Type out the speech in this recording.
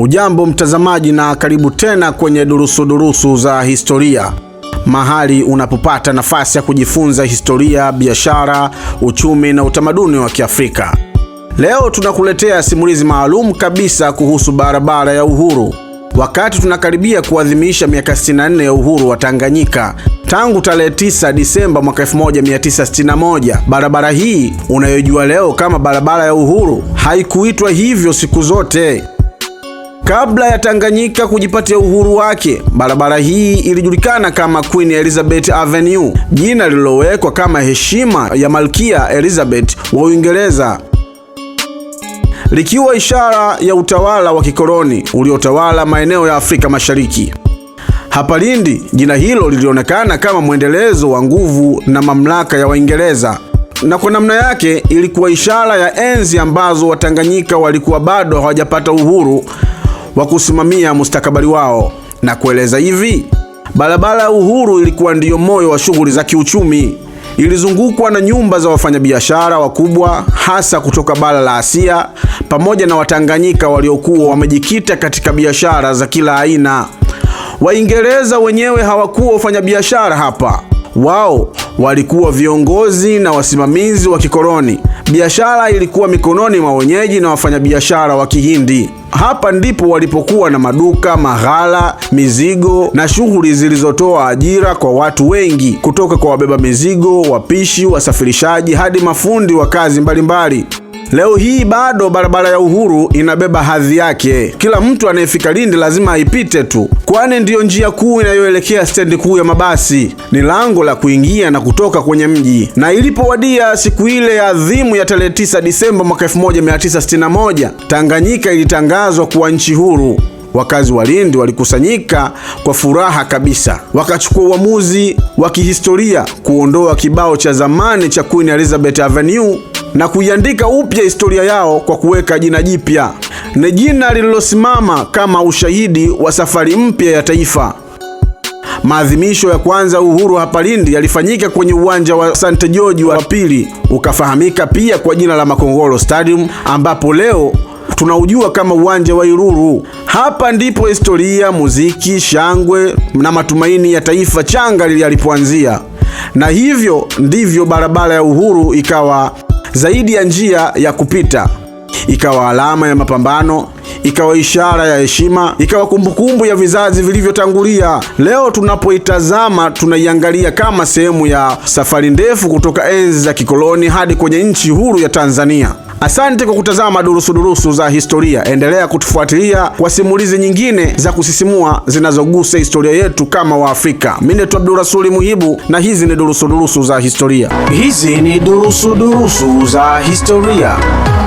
Ujambo mtazamaji, na karibu tena kwenye durusu durusu za historia, mahali unapopata nafasi ya kujifunza historia, biashara, uchumi na utamaduni wa Kiafrika. Leo tunakuletea simulizi maalum kabisa kuhusu barabara ya Uhuru, wakati tunakaribia kuadhimisha miaka 64 ya uhuru wa Tanganyika tangu tarehe 9 Disemba mwaka 1961. Barabara hii unayojua leo kama barabara ya Uhuru haikuitwa hivyo siku zote Kabla ya Tanganyika kujipatia uhuru wake, barabara hii ilijulikana kama Queen Elizabeth Avenue, jina lililowekwa kama heshima ya Malkia Elizabeth wa Uingereza, likiwa ishara ya utawala wa kikoloni uliotawala maeneo ya Afrika Mashariki. Hapa Lindi, jina hilo lilionekana kama mwendelezo wa nguvu na mamlaka ya Waingereza na kwa namna yake ilikuwa ishara ya enzi ambazo Watanganyika walikuwa bado hawajapata uhuru wa kusimamia mustakabali wao na kueleza hivi: barabara ya Uhuru ilikuwa ndiyo moyo wa shughuli za kiuchumi. Ilizungukwa na nyumba za wafanyabiashara wakubwa hasa kutoka bara la Asia pamoja na Watanganyika waliokuwa wamejikita katika biashara za kila aina. Waingereza wenyewe hawakuwa wafanyabiashara hapa, wao walikuwa viongozi na wasimamizi wa kikoloni. Biashara ilikuwa mikononi mwa wenyeji na wafanyabiashara wa Kihindi. Hapa ndipo walipokuwa na maduka, maghala, mizigo na shughuli zilizotoa ajira kwa watu wengi, kutoka kwa wabeba mizigo, wapishi, wasafirishaji hadi mafundi wa kazi mbalimbali mbali. Leo hii bado barabara ya Uhuru inabeba hadhi yake. Kila mtu anayefika Lindi lazima aipite tu, kwani ndiyo njia kuu inayoelekea stendi kuu ya mabasi. Ni lango la kuingia na kutoka kwenye mji. Na ilipowadia siku ile ya adhimu ya tarehe 9 Disemba mwaka 1961, Tanganyika ilitangazwa kuwa nchi huru. Wakazi wa Lindi walikusanyika kwa furaha kabisa, wakachukua uamuzi wa kihistoria kuondoa kibao cha zamani cha Queen Elizabeth Avenue na kuiandika upya historia yao kwa kuweka jina jipya. Ni jina lililosimama kama ushahidi wa safari mpya ya taifa. Maadhimisho ya kwanza uhuru hapa Lindi yalifanyika kwenye uwanja wa St. George wa pili, ukafahamika pia kwa jina la Makongoro Stadium, ambapo leo tunaujua kama uwanja wa Iruru. Hapa ndipo historia, muziki, shangwe na matumaini ya taifa changa lilipoanzia, na hivyo ndivyo barabara ya uhuru ikawa zaidi ya njia ya kupita, ikawa alama ya mapambano, ikawa ishara ya heshima, ikawa kumbukumbu ya vizazi vilivyotangulia. Leo tunapoitazama, tunaiangalia kama sehemu ya safari ndefu kutoka enzi za kikoloni hadi kwenye nchi huru ya Tanzania. Asante kwa kutazama durusudurusu za historia. Endelea kutufuatilia kwa simulizi nyingine za kusisimua zinazogusa historia yetu kama Waafrika. Mimi ni Abdurasuli Muhibu na hizi ni durusudurusu za historia. Hizi ni durusudurusu za historia.